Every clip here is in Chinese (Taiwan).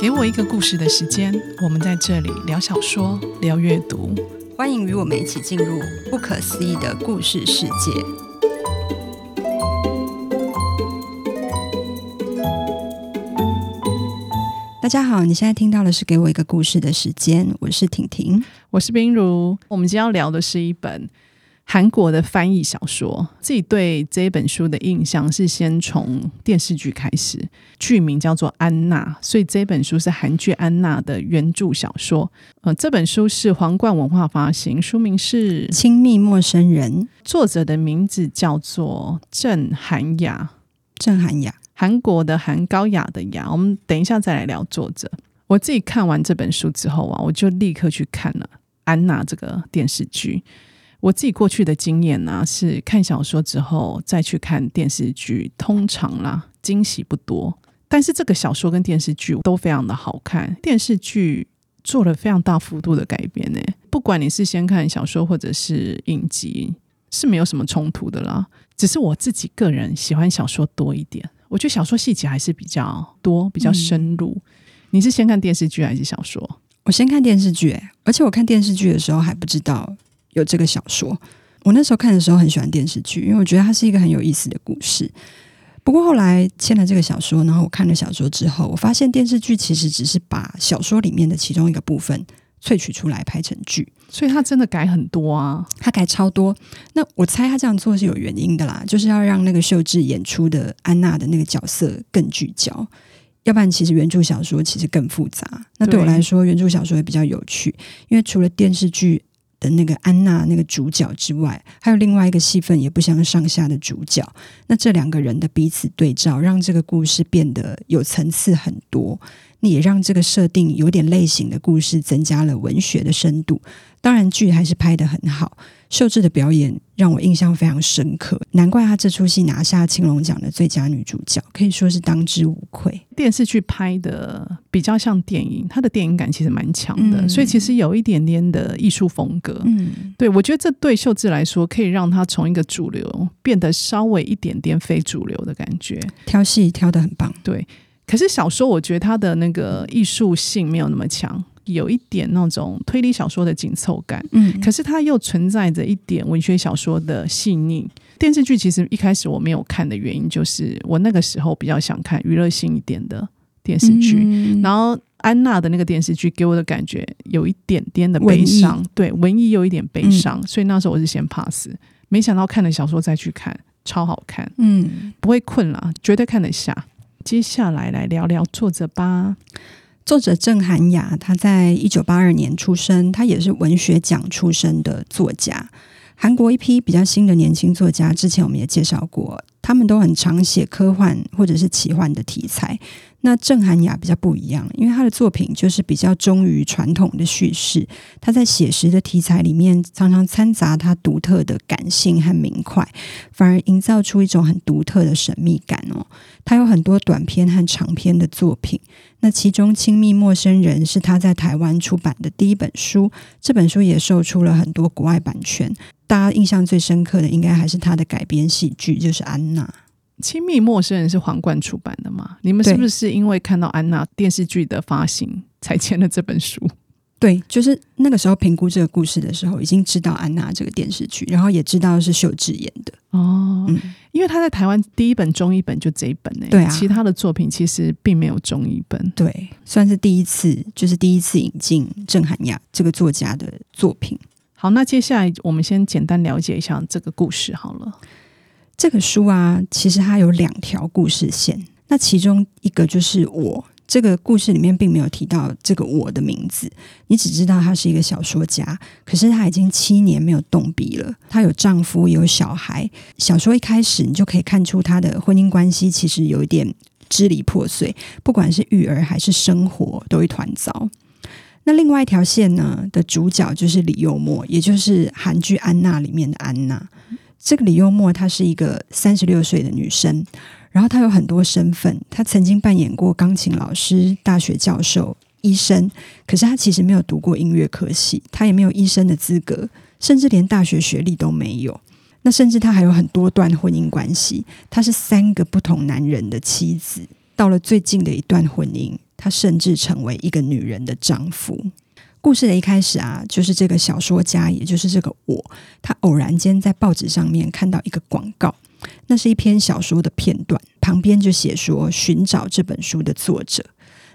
給我一個故事的時間，我們在這裡聊小說、聊閱讀，歡迎與我們一起進入不可思議的故事世界。大家好，你現在聽到的是《給我一個故事的時間》，我是婷婷，我是冰如，我們今天要聊的是一本，韓國的翻譯小說，自己對這本書的印象是先從電視劇開始，劇名叫做《安娜》，所以這本書是韓劇《安娜》的原著小說。呃，這本書是皇冠文化發行，書名是《親密陌生人》，作者的名字叫做鄭韓雅，鄭韓雅，韓國的韓高雅的雅。我們等一下再來聊作者。我自己看完這本書之後啊，我就立刻去看了《安娜》這個電視劇。我自己過去的經驗呢、啊，是看小說之後再去看電視劇。通常啦，驚喜不多，但是這個小說跟電視劇都非常的好看，電視劇做了非常大幅度的改編呢。不管你是先看小說或者是影集，是沒有什麼衝突的啦。只是我自己個人喜歡小說多一點，我覺得小說細節還是比較多，比較深入。嗯、你是先看電視劇還是小說？我先看電視劇、欸，而且我看電視劇的時候還不知道，有這個小說，我那時候看的時候很喜歡電視劇，因為我覺得它是一個很有意思的故事。不過後來簽了這個小說，然後我看了小說之後，我發現電視劇其實只是把小說裡面的其中一個部分萃取出來拍成劇，所以它真的改很多啊，它改超多。那我猜他這樣做是有原因的啦，就是要讓那個秀智演出的安娜的那個角色更聚焦，要不然其實原著小說其實更複雜。那對我來說，原著小說也比較有趣，因為除了電視劇。嗯的那個安娜那個主角之外，還有另外一個戲份也不相上下的主角，那這兩個人的彼此對照，讓這個故事變得有層次很多。也讓這個設定有點類型的故事增加了文學的深度。當然，劇還是拍得很好。秀智的表演讓我印象非常深刻，難怪她這出戲拿下青龍獎的最佳女主角，可以說是當之無愧。電視劇拍的比較像電影，她的電影感其實蠻強的，嗯，所以其實有一點點的藝術風格。嗯，對，我覺得這對秀智來說，可以讓她從一個主流變得稍微一點點非主流的感覺。挑戲挑得很棒，對。可是小說，我覺得它的那個藝術性沒有那麼強，有一點那種推理小說的緊湊感。嗯，可是它又存在着一點文學小說的細膩。電視劇其實一開始我沒有看的原因，就是我那個時候比較想看娛樂性一點的電視劇。嗯，然後安娜的那個電視劇給我的感覺有一點點的悲傷，對，文藝有一點悲傷。嗯，所以那時候我是先 pass。沒想到看了小說再去看，超好看，嗯，不會困啦，絕對看得下。接下來來聊聊作者吧。作者鄭韓雅，她在一九八二年出生，她也是文學獎出身的作家。韓國一批比較新的年輕作家，之前我們也介紹過，他們都很常寫科幻或者是奇幻的題材。那鄭韓雅比較不一樣，因為她的作品就是比較忠於傳統的敘事，她在寫實的題材裡面常常摻雜她獨特的感性和明快，反而營造出一種很獨特的神秘感哦。她有很多短篇和長篇的作品，那其中《親密陌生人》是她在台灣出版的第一本書，這本書也售出了很多國外版權。大家印象最深刻的應該還是她的改編戲劇，就是《安娜》。親密陌生人是皇冠出版的嗎？你們是不是因為看到安娜電視劇的發行才簽了這本書？對，就是那個時候評估這個故事的時候，已經知道安娜這個電視劇，然後也知道是秀智演的哦，嗯。因為他在台灣第一本中譯本就這一本嘞，對啊，其他的作品其實並沒有中譯本。對，算是第一次，就是第一次引進鄭韓雅這個作家的作品。好，那接下來我們先簡單了解一下這個故事好了。這個書啊，其實它有兩條故事線。那其中一個就是我這個故事裡面並沒有提到這個我的名字，你只知道他是一個小說家。可是他已經七年沒有動筆了。他有丈夫，有小孩。小說一開始你就可以看出他的婚姻關係其實有一點支離破碎，不管是育兒還是生活都一團糟。那另外一條線呢的主角就是李誘墨，也就是韓劇安娜裡面的安娜。這個李誘墨，她是一個三十六歲的女生。然後她有很多身份，她曾經扮演過鋼琴老師、大學教授、醫生。可是她其實沒有讀過音樂科系，她也沒有醫生的資格，甚至連大學學歷都沒有。那甚至她還有很多段婚姻關係，她是三個不同男人的妻子。到了最近的一段婚姻，她甚至成為一個女人的丈夫。故事的一開始啊，就是這個小說家，也就是這個我，他偶然間在報紙上面看到一個廣告，那是一篇小說的片段，旁邊就寫說尋找這本書的作者。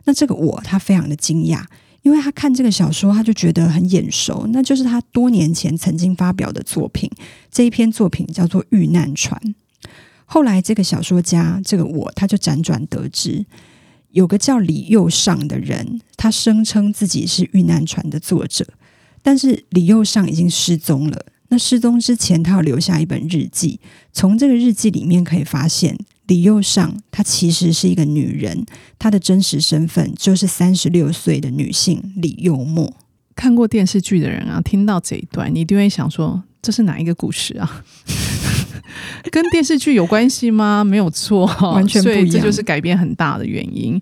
那這個我，他非常的驚訝，因為他看這個小說，他就覺得很眼熟，那就是他多年前曾經發表的作品。這一篇作品叫做《遇難船》。後來這個小說家，這個我，他就輾轉得知，有個叫李佑尚的人，他聲稱自己是遇難船的作者，但是李佑尚已經失蹤了。那失蹤之前，他有留下一本日記。從這個日記裡面可以發現，李佑尚她其實是一個女人，她的真實身份就是三十六歲的女性李誘墨。看過電視劇的人啊，聽到這一段，你一定會想說，這是哪一個故事啊？ 跟電視劇有關係嗎？沒有錯、哦，完全不一樣，所以這就是改編很大的原因。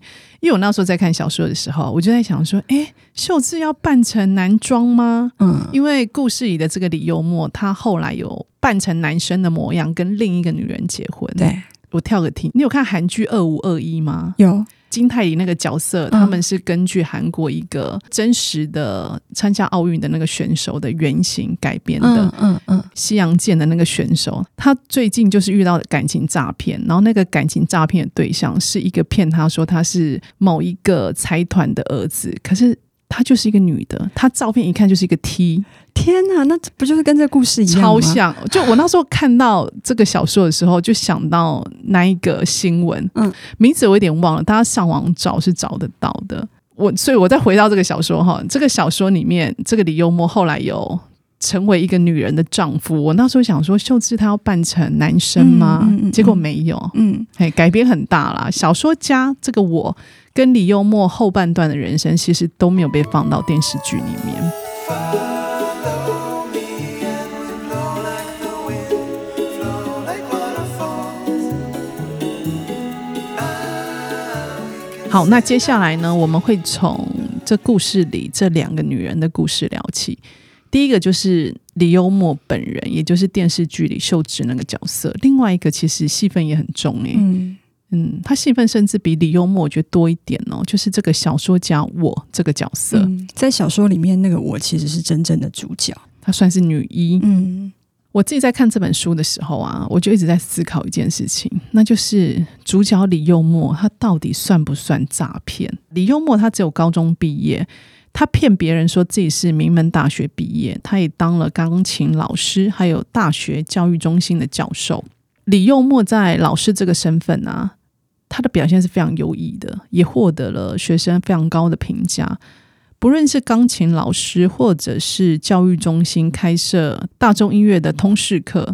因為我那時候在看小說的時候，我就在想說，哎、欸，秀智要扮成男裝嗎？嗯，因為故事裡的這個李誘墨，他後來有扮成男生的模樣，跟另一個女人結婚。對，我跳個停。你有看韓劇《二五二一》嗎？有。金泰梨那個角色，他們是根據韓國一個真實的參加奧運的那個選手的原型改編的。嗯嗯，嗯。西洋劍的那個選手，他最近就是遇到感情詐騙，然後那個感情詐騙的對象是一個騙他說他是某一個財團的兒子，可是。她就是一個女的，她照片一看就是一個 T。天哪，那不就是跟這個故事一樣嗎？超像！就我那時候看到這個小說的時候，就想到那一個新聞，嗯，名字我有點忘了，大家上網找是找得到的。我所以，我再回到這個小說哈，這個小說裡面，這個李誘墨後來有。成為一個女人的丈夫，我那時候想說，秀智她要扮成男生嗎？嗯嗯嗯、結果沒有，嗯，嘿改編很大啦。小說家這個我跟李誘墨後半段的人生，其實都沒有被放到電視劇裡面。Me and the wind like、I 好，那接下來呢，我們會從這故事裡這兩個女人的故事聊起。第一個就是李誘墨本人，也就是電視劇裡秀智那個角色。另外一個其實戲份也很重誒、欸，嗯嗯，他戲份甚至比李誘墨我覺得多一點哦。就是這個小說家我這個角色、嗯，在小說裡面那個我其實是真正的主角，他算是女一。嗯，我自己在看這本書的時候啊，我就一直在思考一件事情，那就是主角李誘墨他到底算不算詐騙？李誘墨他只有高中畢業。他騙別人說，自己是名門大學畢業，他也當了鋼琴老師，還有大學教育中心的教授。李誘墨在老師這個身份啊，他的表現是非常優異的，也獲得了學生非常高的評價。不論是鋼琴老師，或者是教育中心開設大眾音樂的通識課，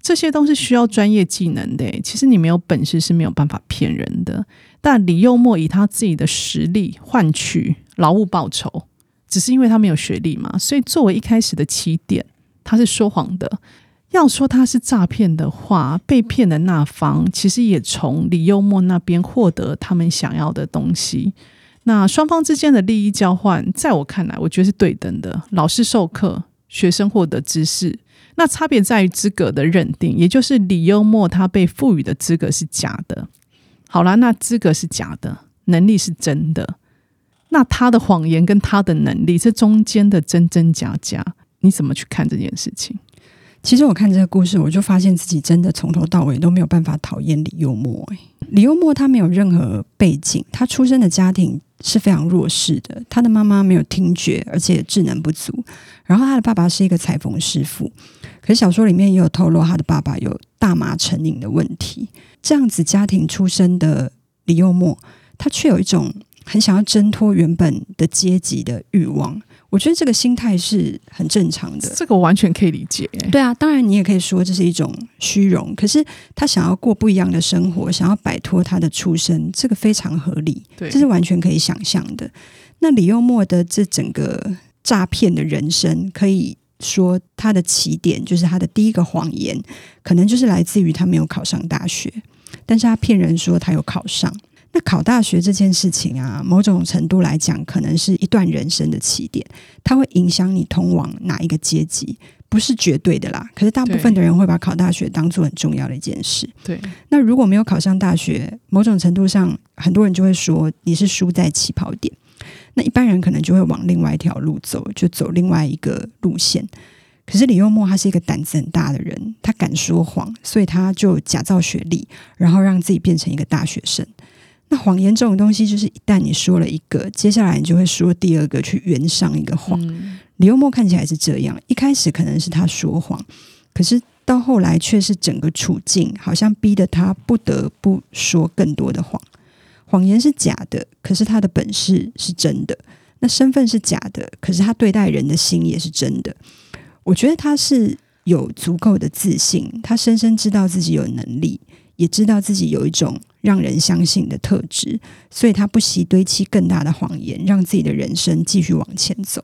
這些都是需要專業技能的、欸。其實你沒有本事是沒有辦法騙人的。但李誘墨以他自己的實力換取勞務報酬，只是因為他沒有學歷嘛，所以作為一開始的起點，他是說謊的。要說他是詐騙的話，被騙的那方其實也從李誘墨那邊獲得他們想要的東西。那雙方之間的利益交換，在我看來，我覺得是對等的。老師授課，學生獲得知識，那差別在於資格的認定，也就是李誘墨他被賦予的資格是假的。好啦，那資格是假的，能力是真的。那他的謊言跟他的能力，這中間的真真假假，你怎麼去看這件事情？其實我看這個故事，我就發現自己真的從頭到尾都沒有辦法討厭李誘墨，欸。李誘墨他沒有任何背景，他出生的家庭。是非常弱勢的。他的媽媽沒有聽覺，而且智能不足。然後他的爸爸是一個裁縫師傅，可是小說裡面也有透露他的爸爸有大麻成癮的問題。這樣子家庭出身的李誘墨，他卻有一種很想要掙脫原本的階級的慾望。我覺得這個心態是很正常的，這個完全可以理解。對啊，當然你也可以說這是一種虛榮，可是他想要過不一樣的生活，想要擺脫他的出身，這個非常合理，對，這是完全可以想象的。那李誘墨的這整個詐騙的人生，可以說他的起點就是他的第一個謊言，可能就是來自於他沒有考上大學，但是他騙人說他有考上。那考大學這件事情啊，某種程度來講，可能是一段人生的起點，它會影響你通往哪一個階級，不是絕對的啦。可是大部分的人會把考大學當做很重要的一件事。對。那如果沒有考上大學，某種程度上，很多人就會說你是輸在起跑點。那一般人可能就會往另外一條路走，就走另外一個路線。可是李誘墨，他是一個膽子很大的人，他敢說謊，所以他就假造學歷，然後讓自己變成一個大學生。那謊言這種東西，就是一旦你說了一個，接下來你就會說第二個，去圓上一個謊。嗯。李誘墨看起來是這樣，一開始可能是他說謊，可是到後來卻是整個處境好像逼得他不得不說更多的謊。謊言是假的，可是他的本事是真的；那身份是假的，可是他對待人的心也是真的。我覺得他是有足夠的自信，他深深知道自己有能力，也知道自己有一種。讓人相信的特質，所以他不惜堆砌更大的謊言，讓自己的人生繼續往前走。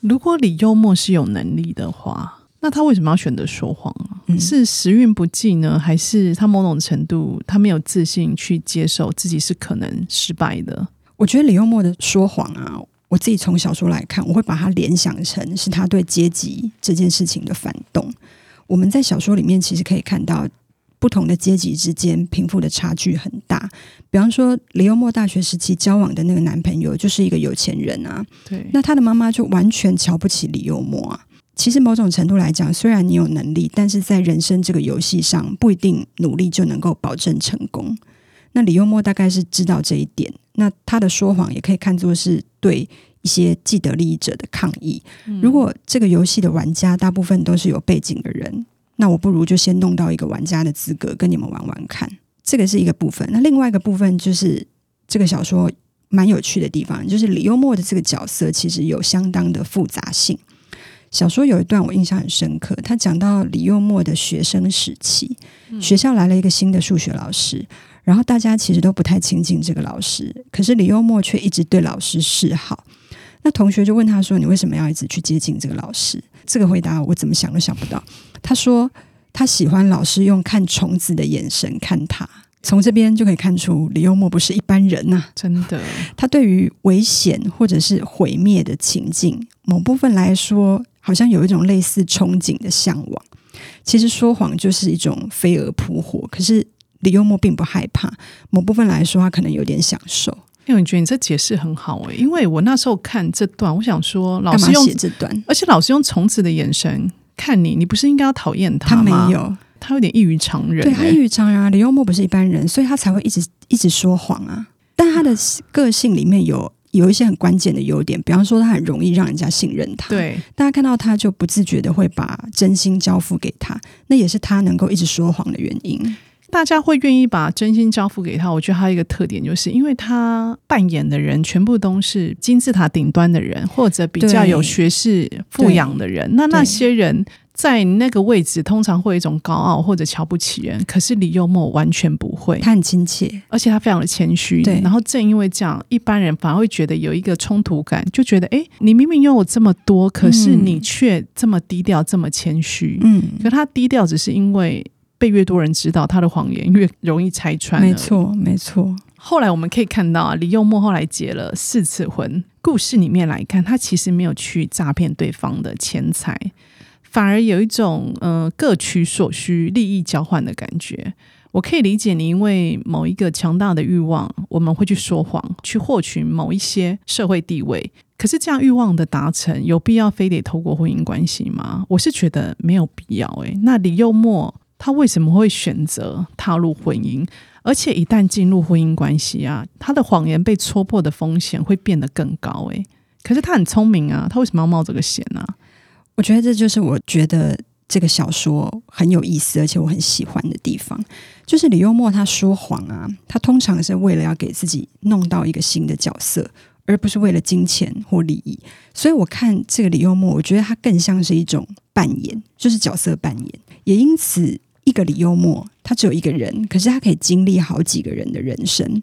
如果李誘墨是有能力的話，那他為什麼要選擇說謊啊？嗯。是時運不濟呢，還是他某種程度他沒有自信去接受自己是可能失敗的？我覺得李誘墨的說謊啊，我自己從小說來看，我會把它聯想成是他對階級這件事情的反動。我們在小說裡面其實可以看到。不同的階級之間，貧富的差距很大。比方說，李誘墨大學時期交往的那個男朋友，就是一個有錢人啊。對，那他的媽媽就完全瞧不起李誘墨啊。其實某種程度來講，雖然你有能力，但是在人生這個遊戲上，不一定努力就能夠保證成功。那李誘墨大概是知道這一點，那他的說謊也可以看作是對一些既得利益者的抗議。嗯。如果這個遊戲的玩家大部分都是有背景的人。那我不如就先弄到一個玩家的資格，跟你們玩玩看。這個是一個部分。那另外一個部分就是，這個小說蠻有趣的地方，就是李誘墨的這個角色其實有相當的複雜性。小說有一段我印象很深刻，他講到李誘墨的學生時期，學校來了一個新的數學老師，然後大家其實都不太親近這個老師，可是李誘墨卻一直對老師示好。那同學就問他說：“你為什麼要一直去接近這個老師？”這個回答我怎麼想都想不到。他說他喜歡老師用看蟲子的眼神看他，從這邊就可以看出李誘墨不是一般人吶、啊，真的。他對於危險或者是毀滅的情境，某部分來說，好像有一種類似憧憬的向往。其實說謊就是一種飛蛾撲火，可是李誘墨並不害怕，某部分來說，他可能有點享受。因為我覺得你這解釋很好、欸、因為我那時候看這段，我想說老師用，幹嘛寫這段？而且老師用蟲子的眼神看你，你不是應該要討厭他嗎？他沒有，他有點異於常人、欸。對他異於常人啊，李誘墨不是一般人，所以他才會一直一直說謊啊。但他的個性裡面有有一些很關鍵的優點，比方說他很容易讓人家信任他。對，大家看到他就不自覺的會把真心交付給他，那也是他能夠一直說謊的原因。大家會願意把真心交付給他。我覺得他一個特點就是，因為他扮演的人全部都是金字塔頂端的人，或者比較有學識、富養的人。那那些人在那個位置，通常會有一種高傲或者瞧不起人。可是李誘墨完全不會，他很親切，而且他非常的謙虛。對，然後正因為這樣，一般人反而會覺得有一個衝突感，就覺得哎，你明明擁有這麼多，可是你卻這麼低調，嗯、這麼謙虛。嗯，可他低調只是因為。被越多人知道他的謊言，越容易拆穿。沒錯，沒錯。後來我們可以看到啊，李誘墨後來結了四次婚。故事裡面來看，他其實沒有去詐騙對方的錢財，反而有一種呃各取所需、利益交換的感覺。我可以理解你因為某一個強大的慾望，我們會去說謊，去獲取某一些社會地位。可是這樣慾望的達成，有必要非得透過婚姻關係嗎？我是覺得沒有必要。欸。誒，那李誘墨。他為什麼會選擇踏入婚姻？而且一旦進入婚姻關係啊，他的謊言被戳破的風險會變得更高，欸。誒，可是他很聰明啊，他為什麼要冒這個險呢、啊？我覺得這就是我覺得這個小說很有意思，而且我很喜歡的地方，就是李誘墨他說謊啊，他通常是為了要給自己弄到一個新的角色，而不是為了金錢或利益。所以我看這個李誘墨，我覺得他更像是一種扮演，就是角色扮演，也因此。一個李誘墨，他只有一個人，可是他可以經歷好幾個人的人生。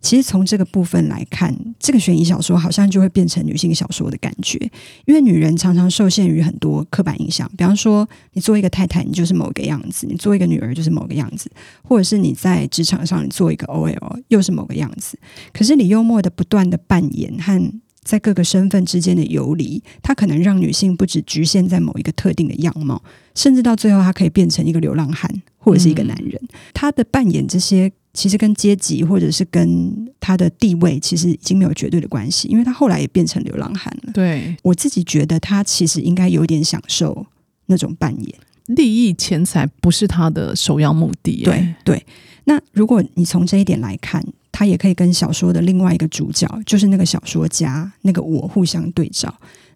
其實從這個部分來看，這個懸疑小說好像就會變成女性小說的感覺，因為女人常常受限於很多刻板印象。比方說，你做一個太太，你就是某個樣子；你做一個女兒，就是某個樣子；或者是你在職場上你做一個 OL，又是某個樣子。可是李誘墨的不斷的扮演和。在各個身份之間的游離，他可能讓女性不止局限在某一個特定的樣貌，甚至到最後，她可以變成一個流浪漢或者是一個男人。她、嗯、的扮演這些，其實跟階級或者是跟她的地位，其實已經沒有絕對的關係，因為她後來也變成流浪漢了。對。我自己覺得，她其實應該有點享受那種扮演。利益錢財，不是她的首要目的。對對，那如果你從這一點來看。他也可以跟小說的另外一個主角，就是那個小說家，那個我互相對照。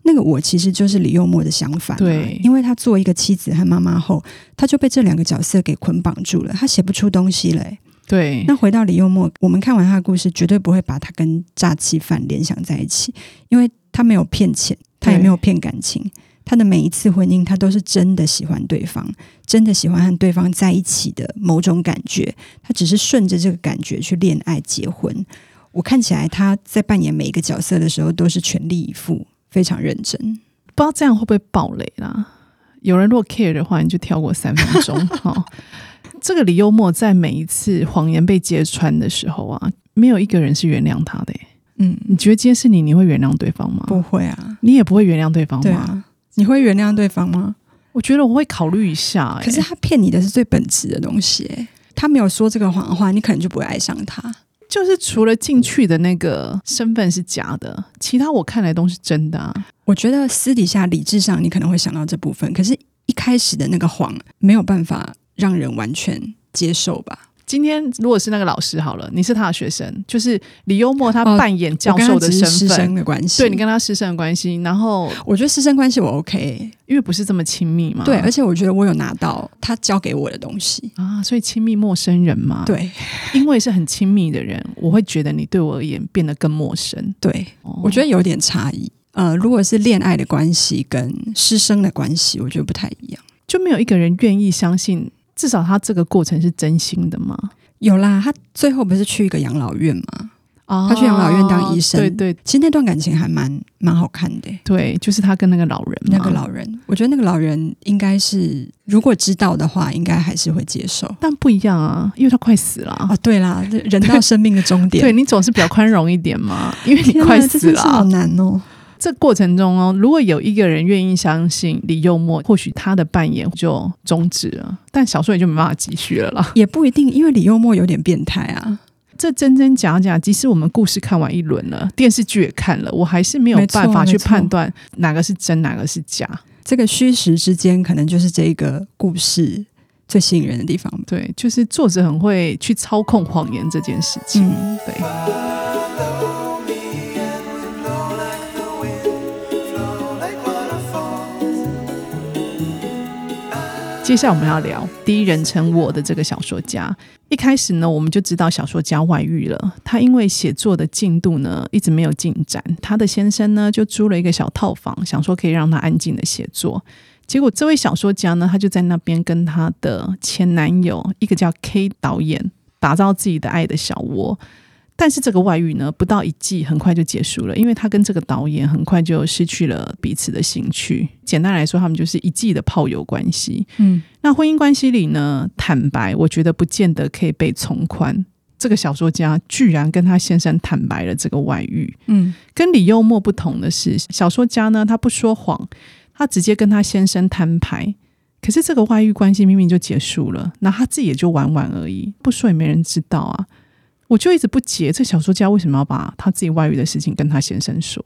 那個我其實就是李誘墨的想法、啊，對，因為他做一個妻子和媽媽後，他就被這兩個角色給捆綁住了，他寫不出東西來、欸。對，那回到李誘墨，我們看完他的故事，絕對不會把他跟詐欺犯聯想在一起，因為他沒有騙錢，他也沒有騙感情。他的每一次婚姻，他都是真的喜歡對方，真的喜歡和對方在一起的某種感覺。他只是順着這個感覺去戀愛、結婚。我看起來他在扮演每一個角色的時候都是全力以赴，非常認真。不知道這樣會不會爆雷啦？有人如果 care 的話，你就跳過三分鐘。好、 哦，這個李誘墨在每一次謊言被揭穿的時候啊，沒有一個人是原諒他的、欸。嗯，你覺得今天是你你會原諒對方嗎？不會啊，你也不會原諒對方嗎？你會原諒對方嗎？我覺得我會考慮一下欸。可是他騙你的是最本質的東西欸，他沒有說這個謊的話，你可能就不會愛上他。就是除了進去的那個身份是假的，其他我看來都是真的啊。我覺得私底下理智上你可能會想到這部分，可是一開始的那個謊沒有辦法讓人完全接受吧。今天如果是那個老師好了，你是他的學生，就是李誘墨他扮演教授的身份，呃、師生的關係，對，你跟他師生的關係。然後我覺得師生關係我 OK，因為不是這麼親密嘛。對，而且我覺得我有拿到他教給我的東西啊，所以親密陌生人嘛。對，因為是很親密的人，我會覺得你對我而言變得更陌生。對，哦、我覺得有點差異。呃，如果是戀愛的關係跟師生的關係，我覺得不太一樣，就沒有一個人願意相信。至少他這個過程是真心的嗎？有啦，他最後不是去一個養老院嗎？啊、oh，他去養老院當醫生，對對，其實那段感情還蠻蠻好看的。對，就是他跟那個老人嘛，那個老人，我覺得那個老人應該是，如果知道的話，應該還是會接受，但不一樣啊，因為他快死了啊。對啦，人到生命的終點， 對，你總是比較寬容一點嘛， 因為你快死了，好難哦。這過程中哦，如果有一個人願意相信李誘墨，或許他的扮演就終止了，但小說也就沒辦法繼續了啦，也不一定，因為李誘墨有點變態啊。這真真假假，即使我們故事看完一輪了，電視劇也看了，我還是沒有辦法去判斷哪個是真，哪個是假。這個虛實之間，可能就是這個故事最吸引人的地方。對，就是作者很會去操控謊言這件事情。嗯，對。接下來我們要聊第一人稱我的這個小說家。一開始呢，我們就知道小說家外遇了。他因為寫作的進度呢一直沒有進展，他的先生呢就租了一個小套房，想說可以讓他安靜的寫作。結果這位小說家呢，他就在那邊跟他的前男友，一個叫 K 導演，打造自己的愛的小窩。但是這個外遇呢，不到一季很快就結束了，因為他跟這個導演很快就失去了彼此的興趣。簡單來說，他們就是一季的炮友關係。嗯，那婚姻關係裡呢，坦白我覺得不見得可以被從寬。這個小說家居然跟他先生坦白了這個外遇。嗯，跟李誘墨不同的是，小說家呢他不說謊，他直接跟他先生攤牌。可是這個外遇關係明明就結束了，那他自己也就玩玩而已，不說也沒人知道啊。我就一直不解，這小說家為什麼要把他自己外遇的事情跟他先生說？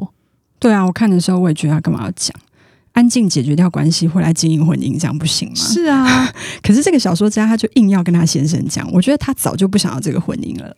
對啊，我看的時候我也覺得他干嘛要講？安靜解決掉關係，回來經營婚姻，這樣不行嗎？是啊，可是這個小說家他就硬要跟他先生講，我覺得他早就不想要這個婚姻了啦。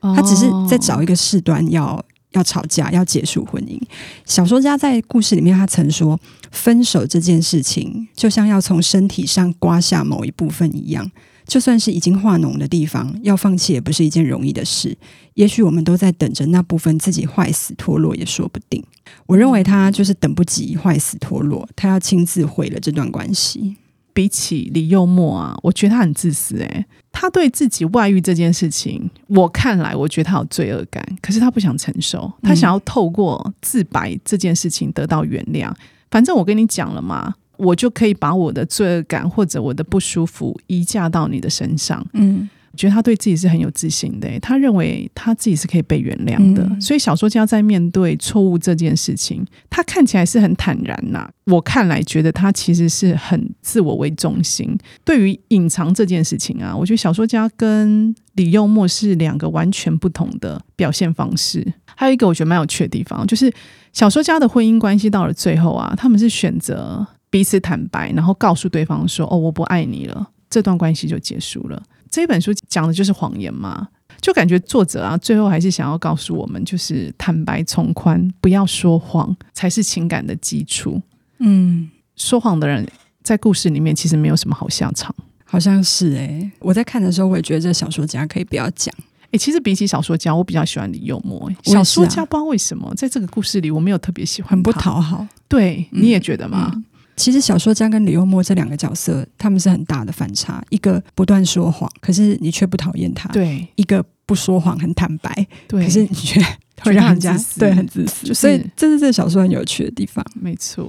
哦，他只是在找一個事端要，要要吵架，要結束婚姻。小說家在故事裡面，他曾說，分手這件事情就像要從身體上刮下某一部分一樣。就算是已經化膿的地方，要放棄也不是一件容易的事。也許我們都在等着那部分自己壞死脫落，也說不定。我認為他就是等不及壞死脫落，他要親自毀了這段關係。比起李誘墨啊，我覺得他很自私欸。誒，他對自己外遇這件事情，我看來，我覺得他有罪惡感，可是他不想承受，他想要透過自白這件事情得到原諒。反正我跟你講了嘛。我就可以把我的罪惡感或者我的不舒服移嫁，到你的身上。嗯，我覺得他對自己是很有自信的，他認為他自己是可以被原諒的、嗯。所以小說家在面對錯誤這件事情，他看起來是很坦然吶、啊。我看來覺得他其實是很自我為中心。對於隱藏這件事情啊，我覺得小說家跟李誘墨是兩個完全不同的表現方式。還有一個我覺得蠻有趣的地方，就是小說家的婚姻關係到了最後啊，他們是選擇。彼此坦白，然後告訴對方說：“哦，我不愛你了，這段關係就結束了。”這本書講的就是謊言嘛，就感覺作者啊，最後還是想要告訴我們，就是坦白從寬，不要說謊才是情感的基礎。嗯，說謊的人在故事裡面其實沒有什麼好下場，好像是誒、欸。我在看的時候，我也覺得這小說家可以不要講。誒、欸。其實比起小說家，我比較喜歡李誘墨、欸啊。小說家不知道為什麼在這個故事裡，我沒有特別喜歡。很不討好。對，嗯、你也覺得嗎？嗯其實小說家跟李誘墨這兩個角色，他們是很大的反差。一個不斷說謊，可是你卻不討厭他；對，一個不說謊，很坦白，對，可是你卻會讓人家對很自私。自私就是、所以這是這個小說很有趣的地方。沒錯，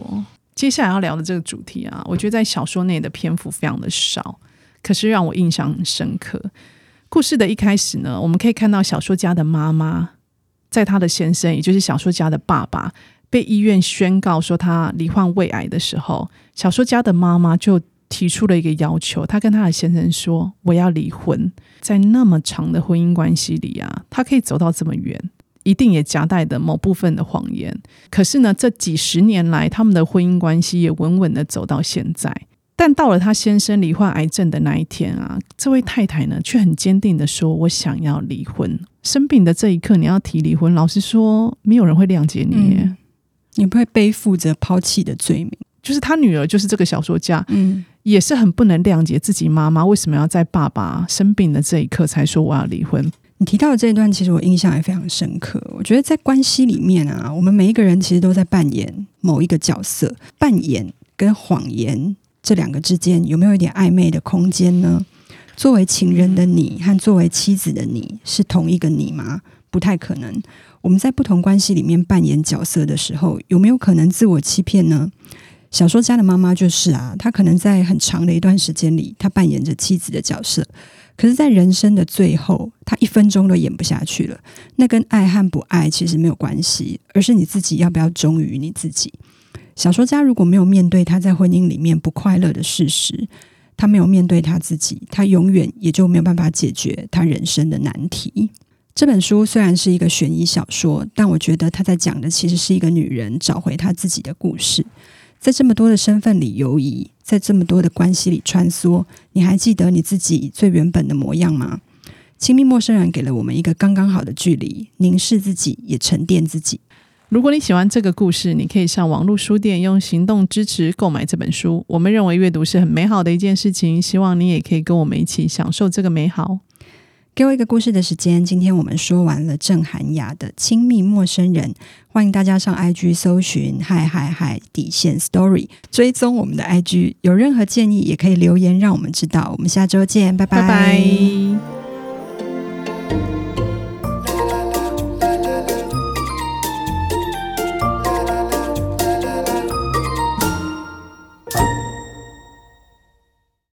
接下來要聊的這個主題啊，我覺得在小說內的篇幅非常的少，可是讓我印象很深刻。故事的一開始呢，我們可以看到小說家的媽媽，在他的先生，也就是小說家的爸爸，被醫院宣告說他罹患胃癌的時候，小說家的媽媽就提出了一個要求，她跟她的先生說：“我要離婚。”在那麼長的婚姻關係裡啊，她可以走到這麼遠，一定也夾帶着某部分的謊言。可是呢，這幾十年來他們的婚姻關係也穩穩的走到現在。但到了她先生罹患癌症的那一天啊，這位太太呢，卻很堅定的說：“我想要離婚。”生病的這一刻，你要提離婚，老實說，沒有人會諒解你。嗯你不會背負着拋棄的罪名，就是他女兒，就是這個小說家，嗯，也是很不能諒解自己媽媽為什麼要在爸爸生病的這一刻才說我要離婚。你提到的這一段，其實我印象也非常深刻。我覺得在關係裡面啊，我們每一個人其實都在扮演某一個角色，扮演跟謊言這兩個之間有沒有一點曖昧的空間呢？作為情人的你和作為妻子的你是同一個你嗎？不太可能。我們在不同關係裡面扮演角色的時候，有沒有可能自我欺騙呢？小說家的媽媽就是啊，她可能在很長的一段時間裡，她扮演着妻子的角色，可是，在人生的最後，她一分鐘都演不下去了。那跟愛和不愛其實沒有關係，而是你自己要不要忠於你自己。小說家如果沒有面對她在婚姻裡面不快樂的事實，她沒有面對她自己，她永遠也就沒有辦法解決她人生的難題。這本書雖然是一個懸疑小說，但我覺得它在講的其實是一個女人找回她自己的故事。在這麼多的身份裡游移，在這麼多的關係裡穿梭，你還記得你自己最原本的模樣嗎？親密陌生人給了我們一個剛剛好的距離，凝視自己，也沉澱自己。如果你喜歡這個故事，你可以上網絡書店用行動支持購買這本書。我們認為閱讀是很美好的一件事情，希望你也可以跟我們一起享受這個美好。給我一個故事的時間，今天我們說完了鄭韓雅的《親密陌生人》，歡迎大家上 IG 搜尋“嗨嗨嗨底線 story”，追蹤我們的 IG，有任何建議也可以留言讓我們知道，我們下周見，拜拜。拜拜。